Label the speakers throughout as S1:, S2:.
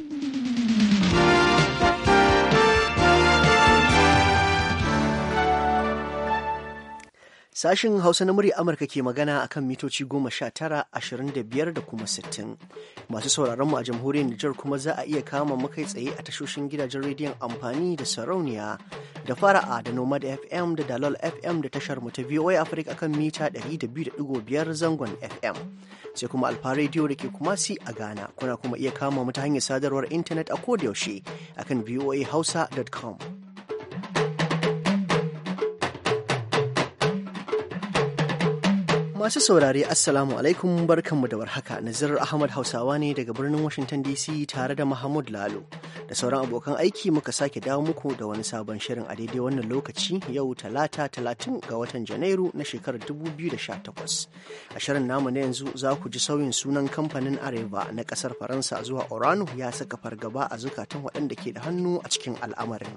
S1: Mm-hmm. Sashin Hausa na murya Amurka ke magana akan mitoci goma sha tara ashirin da biyar da kuma sittin. Masu sauraronmu a jamhuriyar Nijar kuma za a iya kama makai tsaye a tashoshin gidajen rediyon amfani da sarauniya da fara'a da Nomad FM da Dalol FM da tashar mu ta VOA Africa akan mita ɗari da 200.5 zangon FM. Sai kuma Alfa Radio da ke kuma si a Ghana kuna kuma iya kama mu ta hanyar sadarwar intanet a kodayaushe akan voahausa.com. Masu saurari Assalamu alaikum barkanmu da warhaka Nazir Ahmad Hausawa ne daga birnin Washington DC tare da Mahmud Lalo da sauran abokan aiki muka sake dawo muku da wani sabon shirin a daidai wannan lokaci yau talata talatin ga watan Janairu na shekarar 2018. A shirin namu na yanzu za ku ji sauyin sunan kamfanin Areva na kasar Faransa zuwa Orano ya saka fargaba a zukatan waɗanda ke da hannu a cikin al'amarin.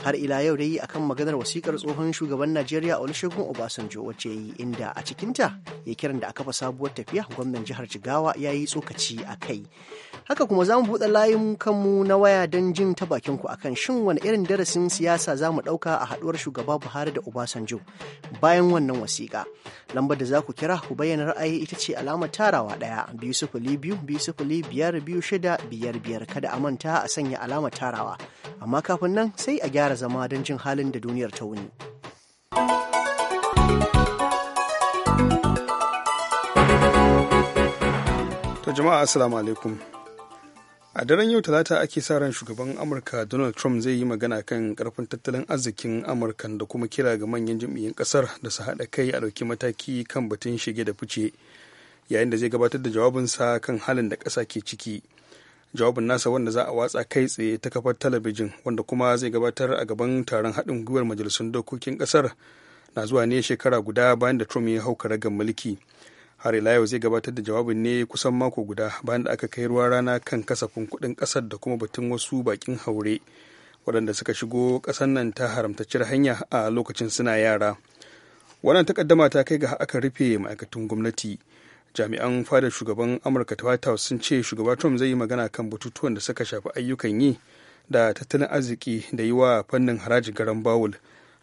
S1: har ila yau dai akan maganar wasikar tsohon shugaban najeriya olusegun obasanjo wacce yi inda a cikinta ya kiran da aka fa sabuwar tafiya gwamnan jihar jigawa ya yi tsokaci a kai haka kuma za mu buɗe layin kanmu na waya don jin ta bakin ku akan shin wani irin darasin siyasa za mu ɗauka a haɗuwar shugaba buhari da obasanjo bayan wannan wasiƙa lambar da za ku kira ku bayyana ra'ayi ita ce alamar tarawa ɗaya biyu sifili biyu biyu sifili biyar biyu shida biyar biyar kada a manta a sanya alamar tarawa amma kafin nan sai a gyara ƙara zama don jin halin da duniyar ta wuni.
S2: To jama'a assalamu alaikum. A daren yau talata ake sa ran shugaban Amurka Donald Trump zai yi magana kan karfin tattalin arzikin Amurka da kuma kira ga manyan jam'iyyun kasar da su haɗa kai a ɗauki mataki kan batun shige da fice yayin da zai gabatar da jawabinsa kan halin da ƙasa ke ciki. jawabin nasa wanda za a watsa kai tsaye ta kafar talabijin wanda kuma zai gabatar a gaban taron haɗin gwiwar majalisun dokokin ƙasar na zuwa ne shekara guda bayan da trump ya hau karagar mulki har ila yau zai gabatar da jawabin ne kusan mako guda bayan da aka kai ruwa rana kan kasafin kuɗin ƙasar da kuma batun wasu bakin haure waɗanda suka shigo ƙasar nan ta haramtacciyar hanya a lokacin suna yara wannan takaddama ta kai ga aka rufe ma'aikatan gwamnati jami'an fadar shugaban amurka ta white house sun ce shugaba trump zai yi magana kan batutuwan da suka shafi ayyukan yi da tattalin arziki da yi wa fannin harajin garan bawul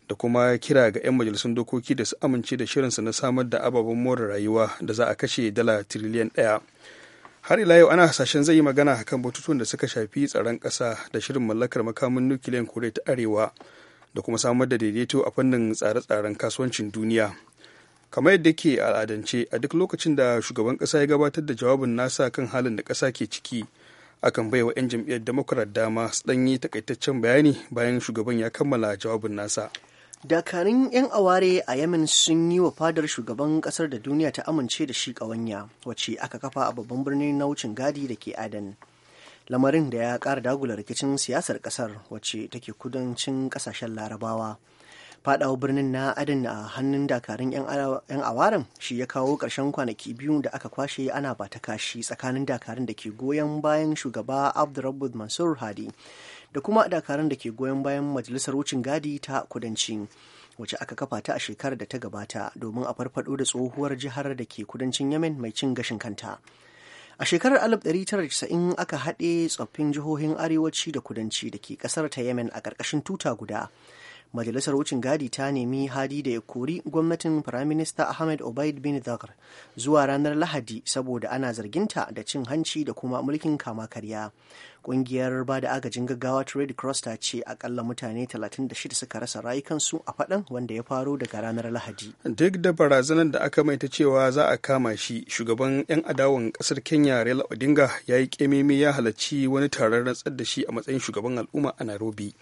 S2: da kuma kira ga 'yan majalisun dokoki da su amince da shirinsa na samar da ababen more rayuwa da za a kashe dala tiriliyan ɗaya har ila yau ana hasashen zai yi magana kan batutuwan da suka shafi tsaron ƙasa da shirin mallakar makamin nukiliyan koriya ta arewa da kuma samar da daidaito a fannin tsare-tsaren kasuwancin duniya kamar yadda ke al'adance a duk lokacin da shugaban kasa ya gabatar da jawabin nasa kan halin da kasa ke ciki akan bai wa 'yan jam'iyyar demokrat dama su ɗanyi takaitaccen bayani bayan shugaban ya kammala jawabin nasa
S1: dakarun 'yan aware a yamin sun yi wa fadar shugaban kasar da duniya ta amince da shi ƙawanya wacce aka kafa a babban birnin na wucin gadi da ke adan lamarin da ya ƙara dagula rikicin siyasar kasar wacce take kudancin ƙasashen larabawa fadawa birnin na adin a hannun dakarun 'yan awarin shi ya kawo ƙarshen kwanaki biyu da aka kwashe ana ba ta kashi tsakanin dakarun da ke goyon bayan shugaba abdurrabbud mansur hadi da kuma dakarun da ke goyon bayan majalisar wucin gadi ta kudanci wacce aka kafa ta a shekarar da ta gabata domin a farfado da tsohuwar jihar da ke kudancin yemen mai cin gashin kanta a shekarar 1990 aka haɗe tsoffin jihohin arewaci da kudanci da ke ƙasar ta yemen a ƙarƙashin tuta guda majalisar wucin gadi ta nemi hadi da ya kori gwamnatin firaminista ahmed obaid bin dhar zuwa ranar lahadi saboda ana zarginta da cin hanci da kuma mulkin kama karya kungiyar ba da agajin gaggawa ta red cross ta ce akalla mutane 36 suka rasa rayukansu a faɗan wanda ya faro daga ranar lahadi
S2: duk da barazanar da aka maita cewa za a kama shi shugaban 'yan adawan kasar kenya raila odinga ya yi kememe ya halarci wani taron rantsar da shi a matsayin shugaban al'umma a nairobi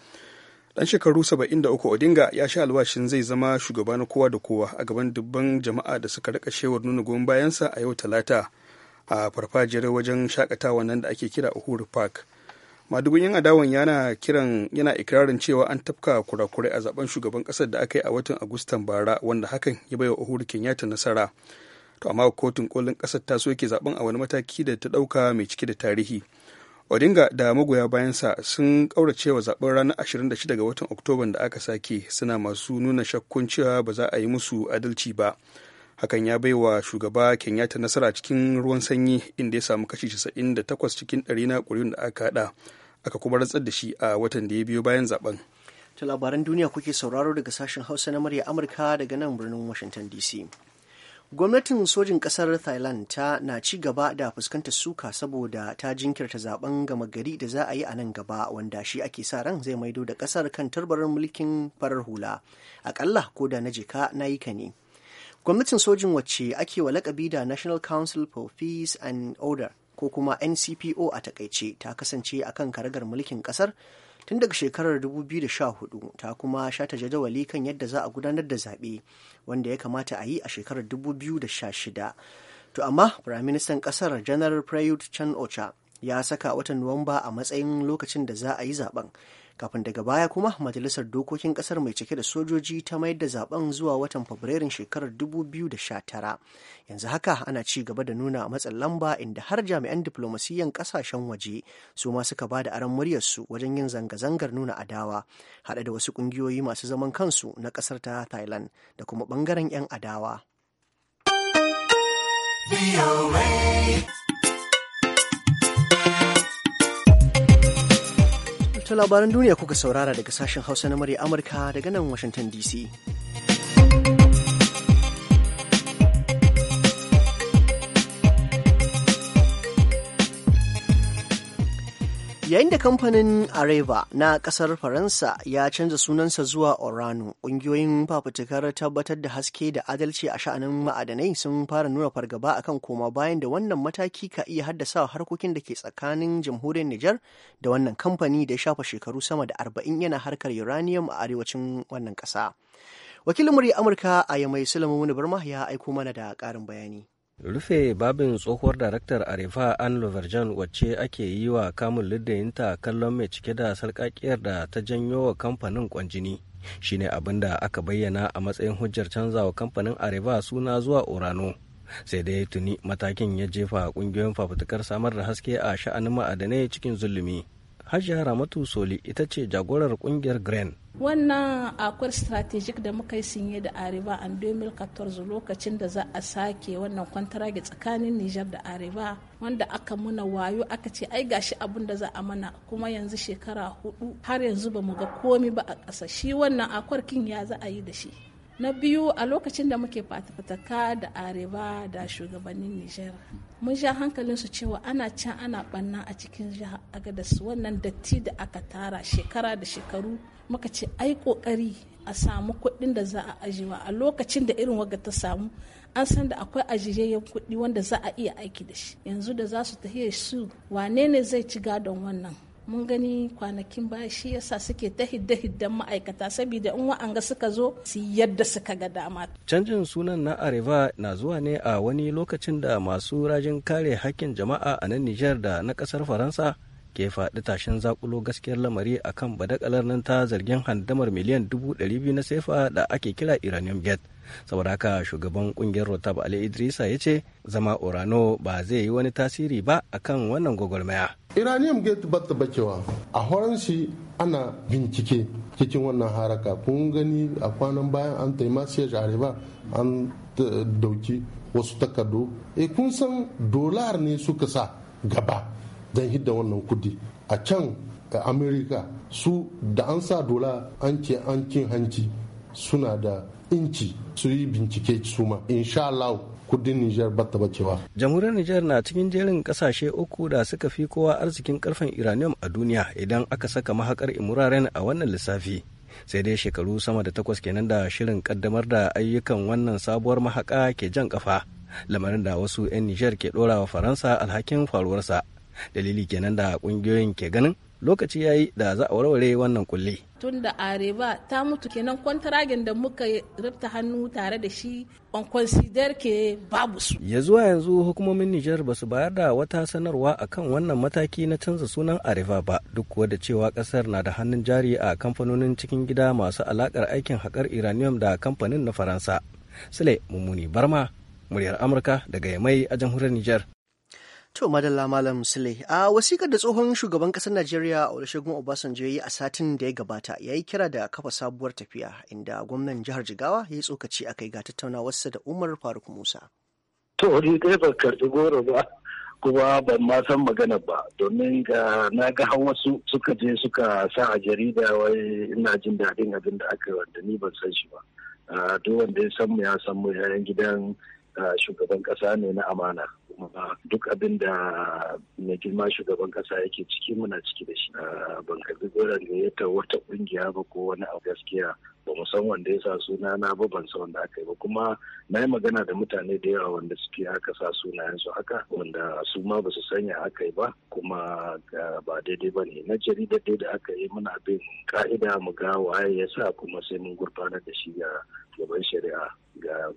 S2: dan shekaru 73 odinga ya sha alwashin zai zama shugaba na kowa da kowa a gaban dubban jama'a da suka rika shewar nuna goyon bayansa a yau talata a farfajiyar wajen shakatawa nan da ake kira uhuru park madugun yan adawan yana kiran yana ikirarin cewa an tafka kurakurai a zaben shugaban kasar da aka yi a watan agustan bara wanda hakan ya baiwa uhuru kenyatta nasara to amma kotun kolin kasar ta soke zaben a wani mataki da ta dauka mai cike da tarihi odinga da magoya bayansa sun kauracewa zaben ranar 26 ga watan oktoban da aka sake suna masu nuna shakkun cewa ba za a yi musu adalci ba hakan ya bai wa shugaba kenyatta nasara cikin ruwan sanyi inda ya samu kashi 98 cikin 100 na ƙuri'un da aka haɗa aka kuma rantsar da shi a watan da ya biyo bayan zaben ta labaran duniya kuke
S1: sauraro daga sashen hausa na murya amurka daga nan birnin washington dc gwamnatin sojin ƙasar thailand ta na ci gaba da fuskanta suka saboda ta jinkirta zaben gama gari da za a yi a nan gaba wanda shi ake sa ran zai maido da ƙasar kan tarbarar mulkin farar hula akalla ko da na jika na yi ka ne gwamnatin sojin wacce ake wa lakabi da national council for peace and order ko kuma ncpo a takaice ta kasance akan karagar mulkin ƙasar? tun daga shekarar 2014 ta kuma shata jadawali kan yadda za a gudanar da zaɓe wanda ya kamata a yi a shekarar 2016 to amma firaministan ƙasar janar prayut chan ocha ya saka watan nuwamba a matsayin lokacin da za a yi zaben kafin daga baya kuma majalisar dokokin kasar mai cike da sojoji ta mayar da zaben zuwa watan fabrairun shekarar 2019 yanzu haka ana ci gaba da nuna matsin lamba inda har jami'an diflomasiyyan kasashen waje su ma suka ba da aron muryarsu wajen yin zanga-zangar nuna adawa haɗe da wasu ƙungiyoyi masu zaman kansu na ƙasar ta thailand da kuma ɓangaren 'yan adawa Wata labaran duniya kuka saurara daga sashen Hausa na murya Amurka daga nan Washington DC. Yayin da kamfanin Areva na kasar Faransa ya canza sunansa zuwa Orano, ƙungiyoyin fafutukar tabbatar da haske da adalci a sha'anin ma'adanai sun fara nuna fargaba akan koma bayan da wannan mataki ka iya haddasa harkokin da ke tsakanin jamhuriyar Nijar da wannan kamfani da ya shafa shekaru sama da arba'in yana harkar uranium a arewacin wannan ƙasa. Wakilin murya Amurka a Yamai Sulaiman Barma ya aiko mana da ƙarin bayani.
S3: rufe babin tsohuwar daraktar arefa an lovergen wacce ake yi wa kamun liddayinta kallon mai cike da sarƙaƙiyar da ta janyo wa kamfanin kwanjini shine abin da aka bayyana a matsayin hujjar canza wa kamfanin arefa suna zuwa orano sai dai tuni matakin ya jefa ƙungiyoyin fafutukar samar da haske a sha'anin ma'adanai cikin zulumi Hajiya Ramatu Soli ita ce jagorar kungiyar green.
S4: Wannan akwai strategic da muka yi sinye da Areva a 2014 lokacin da za a sake wannan kwantarage tsakanin Nijar da ariba wanda aka muna wayo aka ce ai gashi abun da za a mana kuma yanzu shekara hudu har yanzu ba mu ga komi ba a ƙasa shi wannan akwarkin ya za a yi da shi. na biyu a lokacin da muke fatafataka da areba da shugabannin nijar mun sha hankalin su cewa ana can ana banna a cikin jihar agadas wannan datti da aka tara shekara da shekaru muka ce ai kokari a samu kuɗin da za a ajiyewa a lokacin da irin waga ta samu an san da akwai ajiyayyen kuɗi wanda za a iya aiki da shi yanzu da za su tafiye su wane ne zai ci gadon wannan mun gani kwanakin ba shi yasa suke ta hidda hiddan ma'aikata saboda in wa'anga suka zo su yadda suka ga dama.
S3: Canjin sunan na Areva na zuwa ne a wani lokacin da masu rajin kare hakkin jama'a a nan Nijar da na kasar Faransa ke faɗi tashin zakulo gaskiyar lamari akan badakalar nan ta zargin handamar miliyan dubu ɗari biyu na sefa da ake kira Iranium Gate. saboda haka shugaban kungiyar rotab ali idrisa ya ce zama orano ba zai yi wani tasiri ba akan wannan gwagwarmaya iranium gate
S5: batta bakewa a horon shi ana bincike cikin wannan haraka kun gani a kwanan bayan an taima siya areba an eh, dauki wasu takardu e kun san dolar ne suka sa gaba don hidda wannan kudi a can eh, amerika su da an sa dola an ce an cin hanci suna da inci su yi bincike su ma insha Allah kudin Nijar ba ta bacewa.
S3: Jamhuriyar Nijar na cikin jerin kasashe uku da suka fi kowa arzikin karfen uranium a duniya idan aka saka mahakar imuraren a wannan lissafi. Sai dai shekaru sama da takwas kenan da shirin kaddamar da ayyukan wannan sabuwar mahaka ke jan kafa. Lamarin da wasu 'yan Nijar ke ɗora wa Faransa alhakin faruwarsa. Dalili kenan da ƙungiyoyin ke ganin lokaci ya yi da za a warware wannan kulle.
S4: Tun da Areba ta mutu kenan kwantaragen da muka rabta hannu tare da shi on consider ke babu su.
S3: Ya zuwa yanzu hukumomin Nijar ba su bayar da wata sanarwa a kan wannan mataki na canza sunan Areva ba duk kuwa da cewa kasar na da hannun jari a kamfanonin cikin gida masu alakar aikin haƙar iranium da kamfanin na Faransa. Sule Mummuni Barma, muryar Amurka daga Yamai a jamhuriyar Nijar.
S1: To madalla Malam Sule, a wasikar da tsohon shugaban ƙasar Najeriya Olusegun Obasanjo ya yi a satin da ya gabata ya yi kira da kafa sabuwar tafiya inda gwamnan jihar Jigawa ya yi tsokaci a kai ga tattaunawarsa da Umar Faruk Musa. To
S6: ni dai ba karɓi goro ba kuma ban ma san magana ba domin ga na ga har wasu suka je suka sa a jarida wai ina jin daɗin abin da aka yi wanda ni ban san shi ba. Duk wanda ya san mu ya san mu yayan gidan shugaban ƙasa ne na amana. kuma duk abin da mai girma shugaban kasa yake ciki muna ciki da shi ah, ban karbi goron ta wata kungiya ba ko wani abu gaskiya ba mu san wanda ya sa suna na ba ban san wanda aka yi ba kuma na yi magana da mutane da yawa wanda suke aka sa sunayen su haka wanda su ma ba su sanya aka yi ba kuma ba daidai ba ne na jaridar dai da aka yi muna bin ka'ida mu ga waye ya sa kuma sai mun gurfanar da shi ga gaban shari'a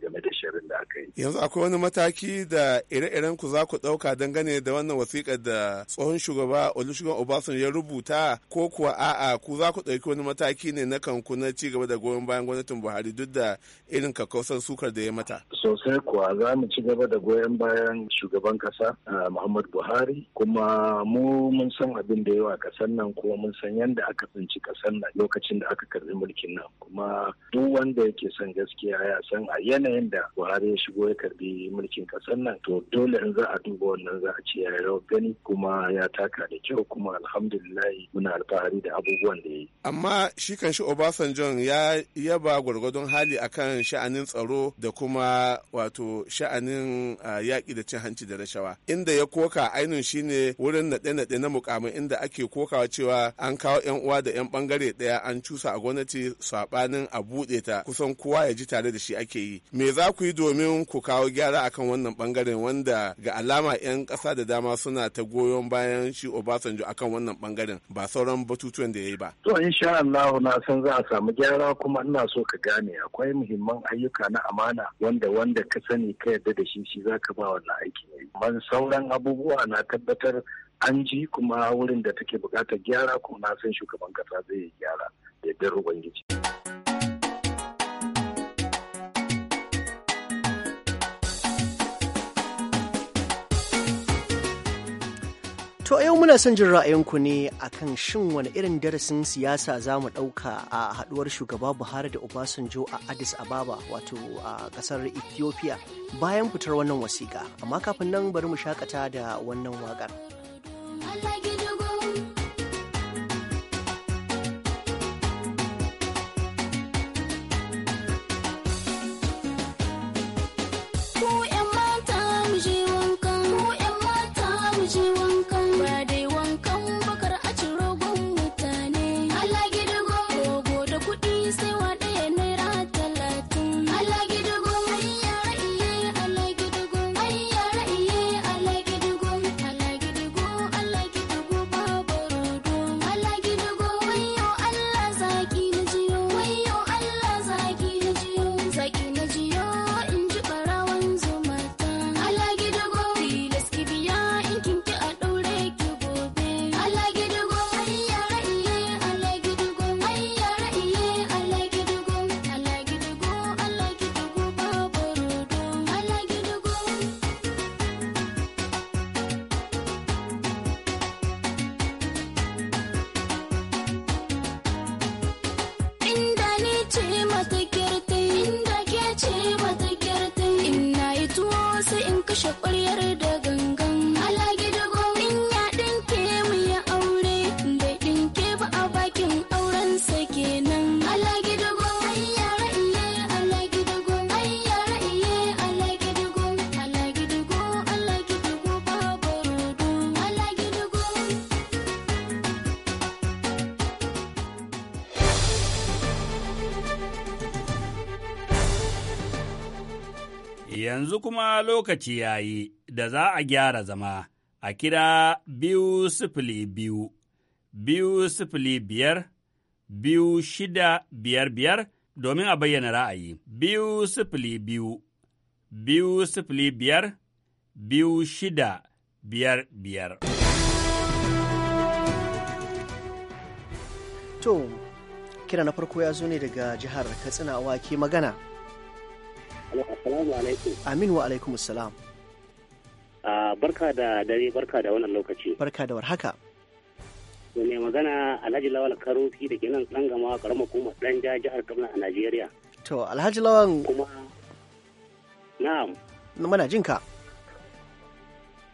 S6: game da shirin da aka yi yanzu
S5: akwai wani mataki da ire-iren matakan ku za ku ɗauka dangane da wannan wasiƙar da tsohon shugaba Olusegun Obasanjo ya rubuta ko kuwa a'a ku za ku ɗauki wani mataki ne na kanku na ci gaba da goyon bayan gwamnatin Buhari duk da irin kakkausar sukar da ya mata.
S6: Sosai kuwa za mu ci gaba da goyon bayan shugaban kasa Muhammad Buhari kuma mu mun san abin da yawa kasan nan kuma mun san yadda aka tsinci kasar nan lokacin da aka karbi mulkin nan kuma duk wanda yake son gaskiya ya san a yanayin da Buhari ya shigo ya karbi mulkin kasar nan to dole da in za a duba wannan za a ce ya rawar gani kuma ya taka da kyau kuma alhamdulillahi muna alfahari da abubuwan da ya yi.
S5: Amma shi kan shi Obasanjo ya yaba gwargwadon hali akan sha'anin tsaro da kuma wato sha'anin yaƙi da cin hanci da rashawa. Inda ya koka ainihin shine wurin naɗe-naɗe na mukamai inda ake kokawa cewa an kawo 'yan uwa da 'yan bangare ɗaya an cusa a gwamnati saɓanin a buɗe ta kusan kowa ya ji tare da shi ake yi. Me za ku yi domin ku kawo gyara akan wannan bangaren wanda ga alama 'yan ƙasa da dama suna ta goyon bayan shi Obasanjo akan wannan bangaren ba sauran batutuwan da ya yi ba.
S6: To sha Allah na san za a samu gyara kuma ina so ka gane akwai muhimman ayyuka na amana wanda wanda ka sani ka yarda da shi shi zaka ba wannan aiki. Man sauran abubuwa na tabbatar an ji kuma wurin da take buƙatar gyara kuma na san shugaban kasa zai yi gyara da yardar Ubangiji.
S1: To yau muna son jin ra'ayinku ne akan shin wani irin darasin siyasa za mu ɗauka a haɗuwar shugaba Buhari da Obasanjo a Addis Ababa wato a ƙasar Ethiopia bayan fitar wannan wasiƙa. Amma kafin nan bari mu shakata da wannan
S7: waƙar.
S8: yanzu kuma lokaci ya yi da za a gyara zama a kira biyu sifili biyu, biyu sifili biyar, biyu shida biyar biyar domin a bayyana ra'ayi, biyu sifili biyu, biyu sifili biyar, biyu shida biyar biyar.
S1: To, kira na farko ya zo ne daga jihar Katsina wake magana. Assalamu alaikum. Amin wa alaikum assalam.
S9: Ah, barka da dare barka da wannan lokaci.
S1: Barka da warhaka.
S9: To ne magana Alhaji Lawal Karofi da ke nan tsangama ƙaramar kuma ɗan jihar Kaduna a Najeriya.
S1: To Alhaji Lawal. Kuma na'am. mana jin ka.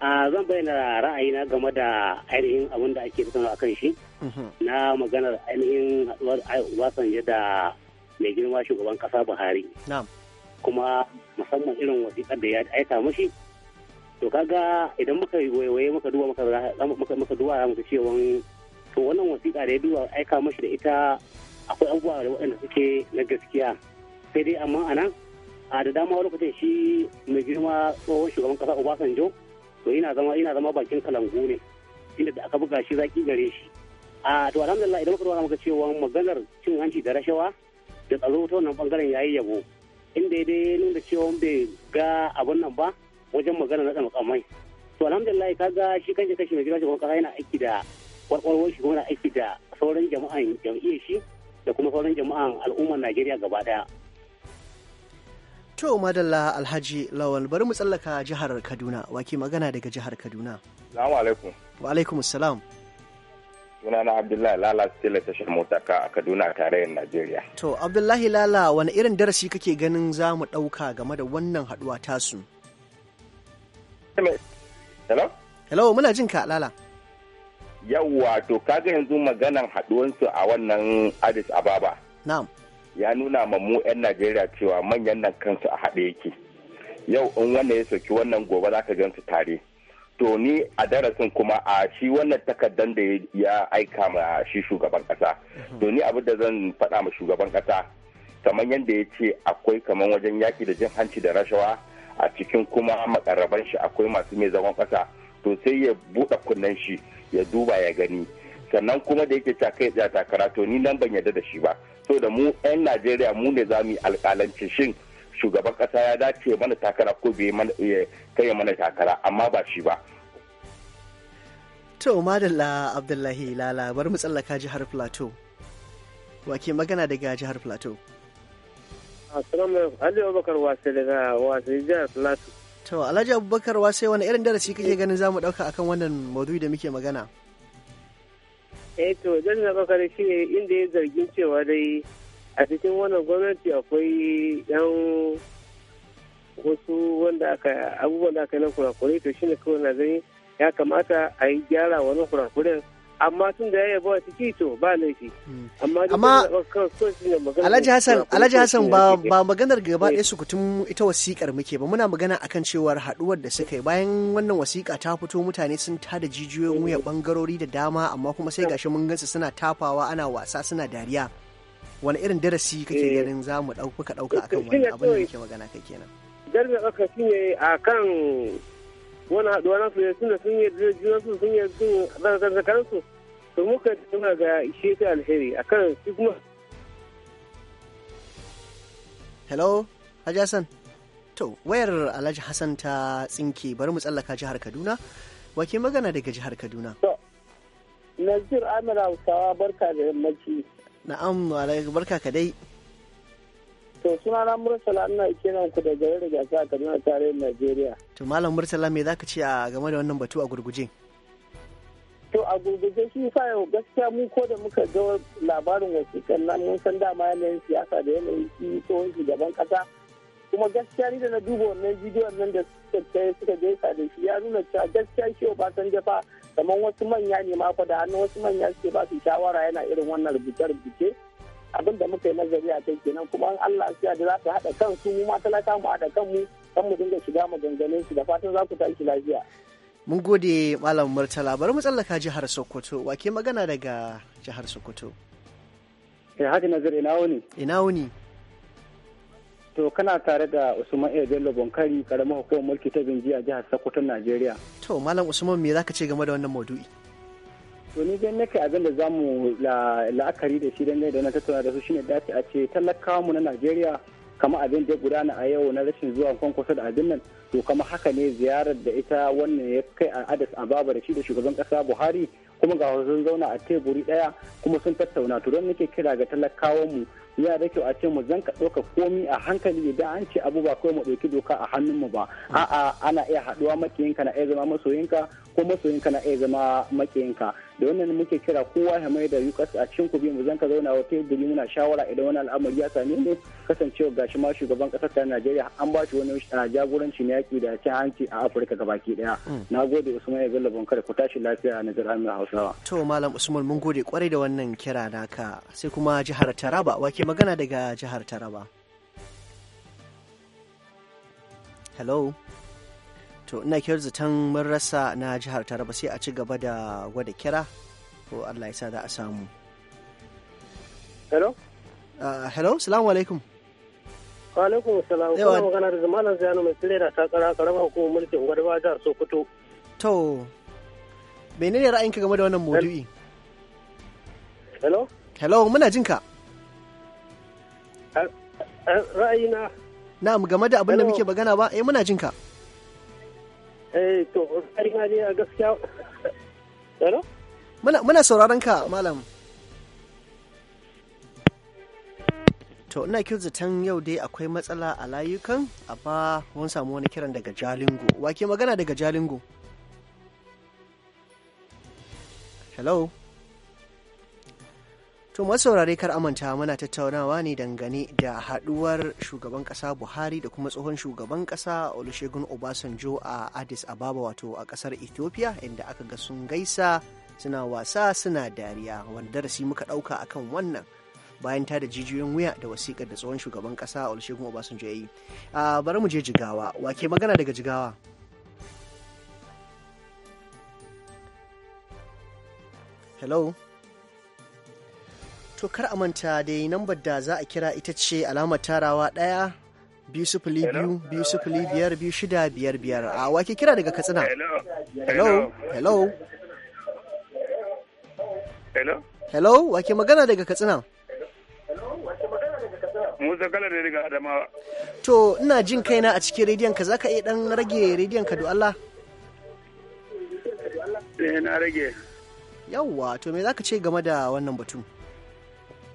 S9: a ah, zan bayyana ra'ayina game da ainihin abin da ake tattauna a kan shi mhm. na maganar ainihin wasan yadda da mai girma shugaban ƙasa Buhari. Na'am. kuma musamman irin wasiƙar da ya aika mashi to kaga idan muka waiwaye muka duba muka muka duba za mu cewa to wannan wasiƙa da ya duba aika mashi da ita akwai abubuwa da waɗanda suke na gaskiya sai dai amma a nan a da dama lokacin shi mai girma tsohon shugaban kasa obasanjo to ina zama ina zama bakin kalangu ne inda da aka buga shi zaki gare shi a to alhamdulillah idan muka duba muka cewa maganar cin hanci da rashawa da tsaro ta wannan bangaren yayi yabo inda dai ya nuna cewa bai ga abin nan ba wajen magana na makamai to alhamdulillah kaga shi kanshi kashi mai gida shugaban kasa yana aiki da kwarkwarwar shi kuma yana aiki da sauran jama'an jam'iyyar shi da kuma sauran jama'an al'ummar Najeriya gaba
S8: daya
S1: To madalla Alhaji Lawal bari mu tsallaka jihar Kaduna waki magana daga jihar Kaduna. Salamu alaikum. Wa alaikum salam.
S8: sunana abdullahi lala stila tashar motaka a kaduna tarayyar najeriya
S1: to abdullahi lala wani irin darasi kake ganin za mu ɗauka game da wannan haɗuwa tasu
S8: hello
S1: hello muna jin ka lala
S8: yawwa to kaga yanzu maganan haɗuwansu a wannan addis ababa na'am ya nuna ma mu 'yan najeriya cewa manyan nan kansu a haɗe yake yau in wannan ya soki wannan gobe za ka gansu tare to ni a darasin kuma a shi wannan takardar da ya aika ma shi shugaban kasa to ni abin da zan faɗa ma shugaban kasa kamar yadda ya ce akwai kamar wajen yaki da jin hanci da rashawa a cikin kuma makarraban shi akwai masu mai zagon kasa to sai ya buɗe kunnen shi ya duba ya gani sannan kuma da yake cakai kai takara to ni nan ban yarda da shi ba so da mu 'yan najeriya mu ne za mu yi alƙalancin shin shugaban kasa ya dace mana takara ko bai kai mana takara amma ba shi ba
S1: to madalla abdullahi lala bar mu tsallaka jihar plateau wake magana daga jihar plateau
S9: assalamu alaikum abubakar wasu daga wasu jihar plateau
S1: to alhaji abubakar wasu wani irin darasi kake ganin zamu dauka akan wannan maudu'i da muke magana
S9: eh to dan abubakar shi inda ya zargin cewa dai a cikin wannan gwamnati akwai yan wasu wanda aka abubuwan da aka yi na kurakurai to shine kawai na gani ya kamata a yi gyara wani kurakurai amma tun da ya yi a ciki to ba laifi hmm. amma alhaji hassan alhaji hassan ba ba
S1: maganar gaba ɗaya eh. sukutun ita wasikar muke ba muna magana akan cewar haɗuwar da suka yi bayan wannan wasiƙa ta fito mutane sun tada jijiyoyin wuya bangarori da dama amma kuma sai eh. gashi mun gansu suna tafawa ana wasa suna dariya wani irin darasi kake eh. ganin za mu ɗauka ɗauka kan wani abin da yake
S8: magana kai kenan darda ɗauka shi ne a kan
S9: wani haɗuwa nasu ya suna sun yi jirgin su sun yi sun zargar kansu to muka tuna ga shi ta alheri a kan shi
S5: kuma
S1: hello hajji hassan to wayar alhaji hassan ta tsinke bari mu tsallaka jihar kaduna wake magana daga jihar kaduna
S9: nazir amir hausawa barka da yammaci
S1: na'am alaikum barka ka dai
S9: to suna na mursala ina kiran ku da gare da gasa a kaduna tarayyar najeriya
S1: to malam murtala me zaka ce a game da wannan batu a gurguje
S9: to a gurguje shi sa yau gaskiya mu ko da muka ga labarin kan nan mun san dama yanayin siyasa da yanayin shi tsohon shugaban kasa kuma gaskiya ni da na duba wannan bidiyon nan da suka suka gaisa da shi ya nuna cewa gaskiya shi ba san jafa kamar wasu manya ne ma da hannu wasu manya suke ba su shawara yana irin wannan rubuce-rubuce abin da muka yi nazari a kai kenan kuma in Allah ya da za ta haɗa kansu mu ma talaka mu haɗa kanmu kan mu dinga shiga maganganun su da fatan za
S1: ku tashi lafiya. Mun gode Malam Murtala bari mu tsallaka jihar Sokoto wake magana daga jihar Sokoto.
S8: Eh haka nazari ina wuni. Ina wuni. To kana tare da Usman A. Bello Bonkari karamar hukumar mulki ta Binji a jihar Sokoto Najeriya.
S1: To Malam Usman me zaka ce game da wannan maudu'i?
S8: To ni dai nake abin da za mu la'akari da shi dan da na tattauna da su shine dace a ce talakawa mu na Najeriya kama abin da ya gudana a yau na rashin zuwa kwankwaso da abin nan to kama haka ne ziyarar da ita wannan ya kai a Addis Ababa da shi da shugaban kasa Buhari kuma ga sun zauna a teburi daya kuma sun tattauna to don nake kira ga talakawan mu ya da kyau a ce mu zanka ɗauka komi a hankali idan an ce abu ba kawai mu ɗauki doka a hannun mu ba a'a ana iya haɗuwa makiyinka na iya zama masoyinka ko masoyinka na iya zama makiyinka da wannan muke kira kowa ya mai da yukas a cikin ku mu zanka zauna wata yadda muna shawara idan wani al'amari ya same mu kasancewa gashi ma shugaban kasar ta Najeriya an ba shi wani jagoranci na yaki da cin hanci a Afirka gabaki daya
S9: hmm.
S1: na
S8: gode Usman ya zalla bankar ku tashi lafiya na jiramin
S1: Hausawa to malam Usman mun gode kwarai da wannan kira naka sai kuma jihar Taraba wake magana daga jihar Taraba. Hello. To, ina kyar zaton mun rasa na jihar Taraba sai a ci gaba da gwada kira ko Allah ya sa za a samu. Hello? Uh, hello, salamu alaikum.
S9: Wa alaikum salam, kuma magana da zamanin ziyanu mai tsire da takara karama hukumar mulkin gwadaba jihar Sokoto.
S1: To, menene ra'ayinka game da wannan maudu'i? Hello? Hello, muna jinka. ka.
S9: Eh, ra'ayina
S1: na'am game da abin da muke magana ba eh muna jinka eh to ra'ayina ne a gaskiya hello muna muna sauraron ka malam to ina kyau zaton yau dai akwai matsala a layukan amma mun samu wani kiran daga jalingo Wa ke magana daga jalingo hello To masu saurare kar amanta muna tattaunawa ne dangane da haduwar shugaban kasa Buhari da kuma tsohon shugaban kasa Olusegun Obasanjo a Addis Ababa wato a kasar Ethiopia inda aka ga sun gaisa suna wasa suna dariya wanda darasi muka dauka akan wannan bayan ta da jijiyoyin wuya da wasikar da tsohon shugaban kasa Olusegun Obasanjo ya yi. Bari mu je Jigawa, wake magana daga Jigawa. Hello. to kar a manta dai nambar da za a kira ita ce alamar tarawa ɗaya biyu sufuli biyu biyu sufuli biyar biyu shida biyar biyar a wake kira daga katsina hello hello hello hello wake magana daga katsina
S8: Musa kala ne daga Adamawa.
S1: To, ina jin kaina a cikin rediyon ka za ka iya dan rage rediyon ka do Allah?
S8: Eh, na rage.
S1: Yawwa, to me za ka ce game da wannan batun?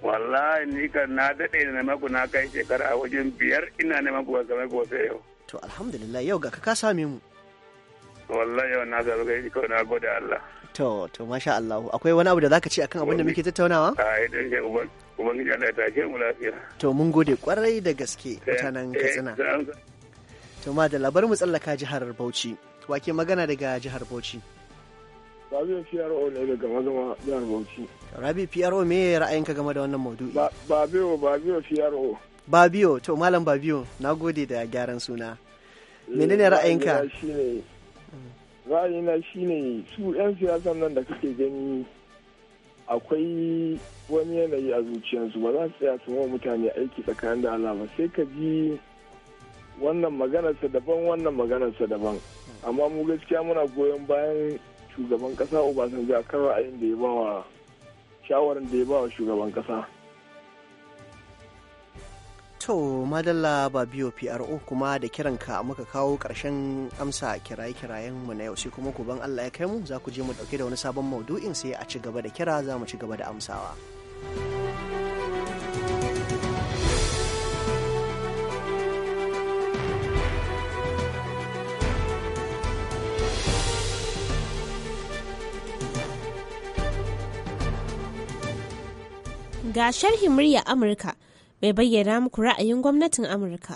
S8: wallahi ni kan na daɗe da maku na kai shekara a wajen biyar ina nemaku ba game gobe yau
S1: to alhamdulillah yau ga ka same mu
S8: wallahi yau na zaɓi kai kawai na gode Allah
S1: to to masha Allah akwai wani abu da zaka ce akan abin da muke tattaunawa
S8: a idan ke uban ubangiji Allah ya tashe mu lafiya
S1: to mun gode kwarai da gaske eh, mutanen eh, Katsina to ma da labar mu tsallaka jihar Bauchi wake magana daga jihar Bauchi
S8: Rabi PRO ne daga mazama jihar Bauchi.
S1: Rabi PRO me ka game da wannan maudu'i?
S8: Babiyo Babiyo PRO.
S1: Babiyo to malam Babiyo na gode da gyaran suna. Eh, ne ra'ayinka?
S8: Ra'ayina ne su 'yan siyasan nan da kake gani akwai wani yanayi a zuciyarsu ba za su tsaya su mutane aiki tsakanin da Allah ba sai ka ji wannan maganarsa daban wannan maganarsa daban hmm. amma mu gaskiya muna goyon bayan shugaban kasa obasanjo a kan ra'ayin da ya ba wa shawarar da ya ba wa shugaban kasa
S1: to madalla ba biyo pro kuma da kiranka muka kawo karshen amsa kiraye-kirayen mu na yau sai kuma ku allah ya kai mu za ku je mu dauke da wani sabon maudu'in sai a ci gaba da kira za mu ci gaba da amsawa.
S10: Ga sharhin murya Amurka mai bayyana muku ra'ayin gwamnatin Amurka.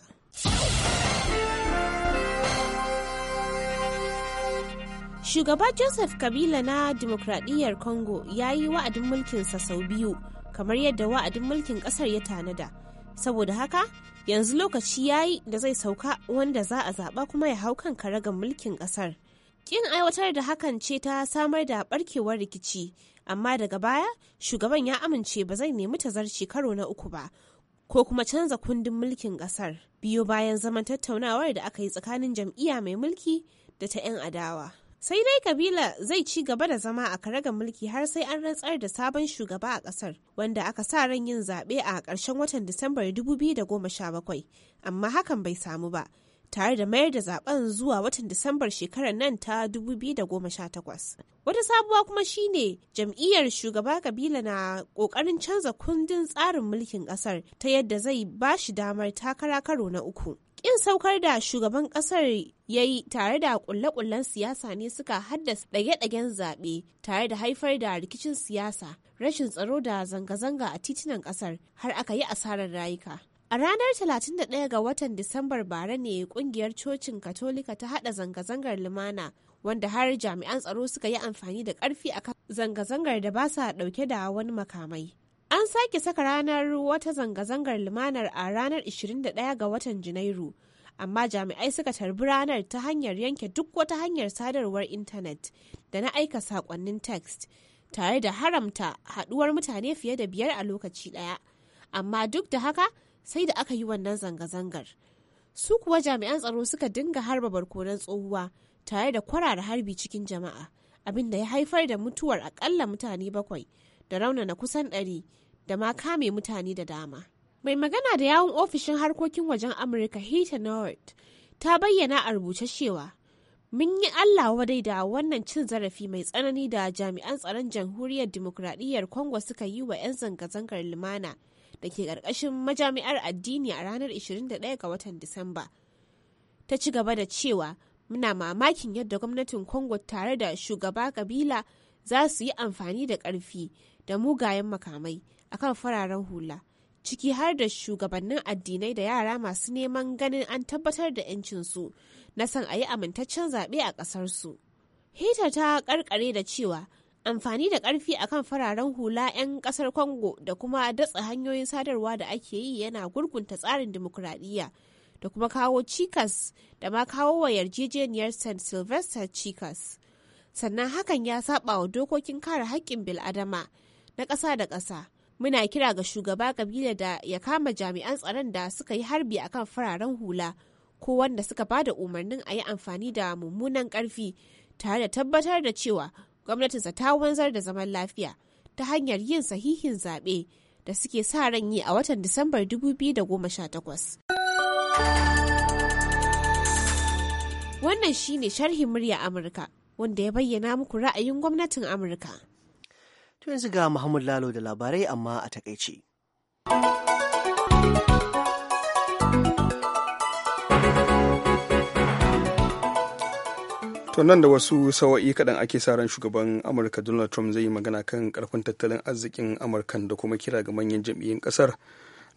S10: Shugaba Joseph Kabila na demokradiyyar Congo ya yi wa'adin mulkinsa sau biyu, kamar yadda wa'adin mulkin ƙasar ya tanada. Saboda haka, yanzu lokaci ya yi da zai sauka wanda za a zaɓa kuma ya hau kan karagan mulkin ƙasar. Kin aiwatar da hakan ce ta samar da barkewar rikici amma daga baya shugaban ya amince ba zai nemi tazarci karo na uku ba ko kuma canza kundin mulkin kasar biyo bayan zaman tattaunawar da aka yi tsakanin jam'iyya mai mulki da ta 'yan adawa sai dai kabila zai ci gaba da zama a karagar mulki har sai an rantsar da sabon shugaba a kasar wanda aka sa ran yin zaɓe a ƙarshen watan disambar 2017 amma hakan bai samu ba tare da mayar da zaben zuwa watan Disambar shekarar nan ta 2018. Wata sabuwa kuma shine jam'iyyar shugaba kabila na kokarin canza kundin tsarin mulkin kasar ta yadda zai ba shi damar takara karo na uku. Ƙin saukar da shugaban ƙasar ya yi tare da ƙulle kullen siyasa ne suka haddasa ɗage-ɗagen zaɓe tare da haifar da rikicin siyasa, rashin tsaro da zanga-zanga a titunan ƙasar har aka yi asarar rayuka. A ranar 31 ga watan Disambar bara ne kungiyar cocin Katolika ta hada zanga-zangar lumana wanda har jami'an tsaro suka yi amfani da karfi a zanga-zangar da ba sa dauke da wani makamai. An sake saka ranar wata zanga-zangar lumanar a ranar 21 ga watan Janairu, amma jami'ai suka tarbi ranar ta hanyar yanke duk wata hanyar sadarwar intanet da na aika sakonnin text tare da haramta haduwar mutane fiye da biyar a lokaci daya. Amma duk da haka, sai da aka yi wannan zanga-zangar su kuwa jami'an tsaro suka dinga harba barkonan tsohuwa tare da kwarara harbi cikin jama'a abin da ya haifar da mutuwar akalla mutane bakwai da na kusan ɗari da ma kame mutane da dama mai magana da yawun ofishin harkokin wajen amurka heta north ta bayyana a rubuce cewa mun yi allah wadai da wannan cin zarafi mai tsanani da jami'an tsaron jamhuriyar dimokuraɗiyyar congo suka yi wa 'yan zanga-zangar lumana da ke ƙarƙashin majami'ar addini a ranar 21 ga watan Disamba. Ta ci gaba da cewa muna mamakin yadda gwamnatin Kongo tare da shugaba kabila za su yi amfani da ƙarfi da mugayen makamai akan fararen hula, ciki har da shugabannin addinai da yara masu neman ganin an tabbatar da 'yancinsu na san a yi amintaccen zaɓe a ƙasarsu. Hita ta ƙarƙare da cewa amfani da ƙarfi akan fararen hula 'yan kasar congo da kuma datsa hanyoyin sadarwa da ake yi yana gurgunta tsarin dimokuraɗiyya da kuma kawo cikas da ma kawo wa yarjejeniyar st sylvester cikas sannan hakan ya saba wa dokokin kare haƙƙin bil'adama na ƙasa da ƙasa muna kira ga shugaba kabila da ya kama jami'an tsaron da suka yi harbi akan fararen hula ko wanda suka ba da umarnin a yi amfani da mummunan ƙarfi tare da tabbatar da cewa gwamnatinsa ta wanzar da zaman lafiya ta hanyar yin sahihin zaɓe da suke sa ran yi a watan Disambar 2018. Wannan shine sharhin murya Amurka wanda ya bayyana muku ra'ayin gwamnatin Amurka.
S1: tun yanzu ga Muhammad Lalo da labarai amma a takaice.
S2: To nan da wasu sawa'i kaɗan ake sa ran shugaban Amurka Donald Trump zai yi magana kan karfin tattalin arzikin Amurkan da kuma kira ga manyan jam'iyyun ƙasar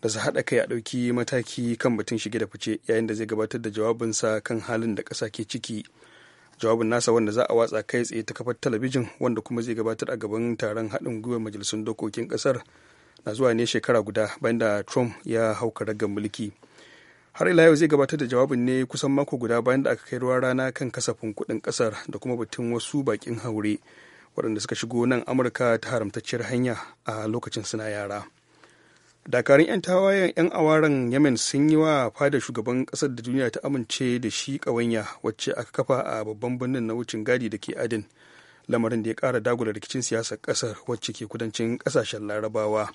S2: da su haɗa kai a ɗauki mataki kan batun shige da fice yayin da zai gabatar da jawabinsa kan halin da ƙasa ke ciki. Jawabin nasa wanda za a watsa kai tsaye ta kafar talabijin wanda kuma zai gabatar a gaban taron haɗin gwiwar majalisun dokokin ƙasar na zuwa ne shekara guda bayan da Trump ya hauka ragar mulki. har ila yau zai gabatar da jawabin ne kusan mako guda bayan da aka kai ruwan rana kan kasafin kuɗin ƙasar da kuma batun wasu bakin haure waɗanda suka shigo nan amurka ta haramtacciyar hanya a lokacin suna yara dakarun 'yan tawayen 'yan awaren yemen sun yi wa fadar shugaban ƙasar da duniya ta amince da shi ƙawanya wacce aka kafa a babban birnin na wucin gadi da ke adin lamarin da ya kara dagula rikicin siyasar ƙasar wacce ke kudancin kasashen larabawa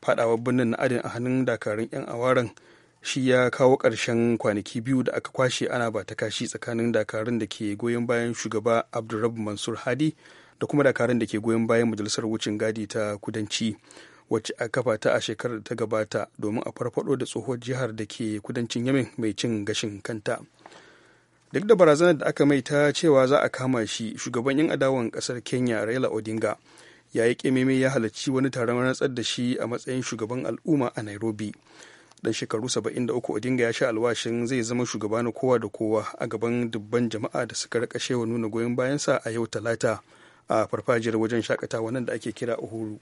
S2: fadawar birnin na adin a hannun dakarun 'yan awaren shi ya kawo ƙarshen kwanaki biyu da aka kwashe ana ba ta kashi tsakanin dakarun da ke goyon bayan shugaba abdurrabu mansur hadi da kuma dakarun da ke goyon bayan majalisar wucin gadi ta kudanci wacce a kafa ta a shekarar da ta gabata domin a farfado da tsohuwar jihar da ke kudancin yamin mai cin gashin kanta duk da barazanar da aka mai ta cewa za a kama shi shugaban yan adawan kasar kenya raila odinga ya yi kememe ya halarci wani taron rantsar da shi a matsayin shugaban al'umma a nairobi dan shekaru 73 odinga ya sha alwashin zai zama shugaba na kowa da kowa a gaban dubban jama'a da suka rika shewa nuna goyon bayan sa a yau talata a farfajiyar wajen shakatawa nan da ake kira uhuru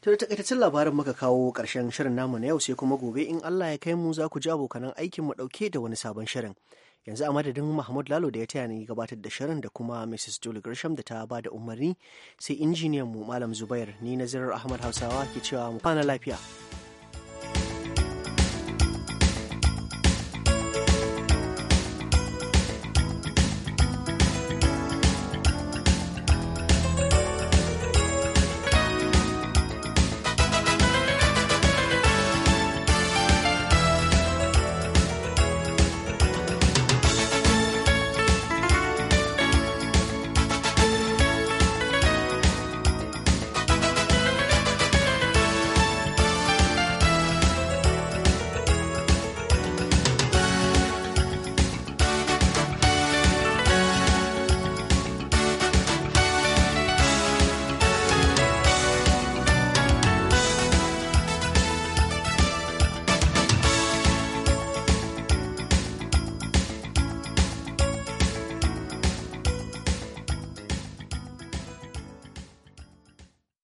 S1: to da takaitaccen labarin muka kawo karshen shirin namu na yau sai kuma gobe in allah ya kai mu za ku ji abokanan aikin mu dauke da wani sabon shirin yanzu a madadin mahmud lalo da ya taya ni gabatar da shirin da kuma mrs julie gresham da ta ba da umarni sai injiniyan mu malam zubair ni nazirar ahmad hausawa ke cewa mu kwana lafiya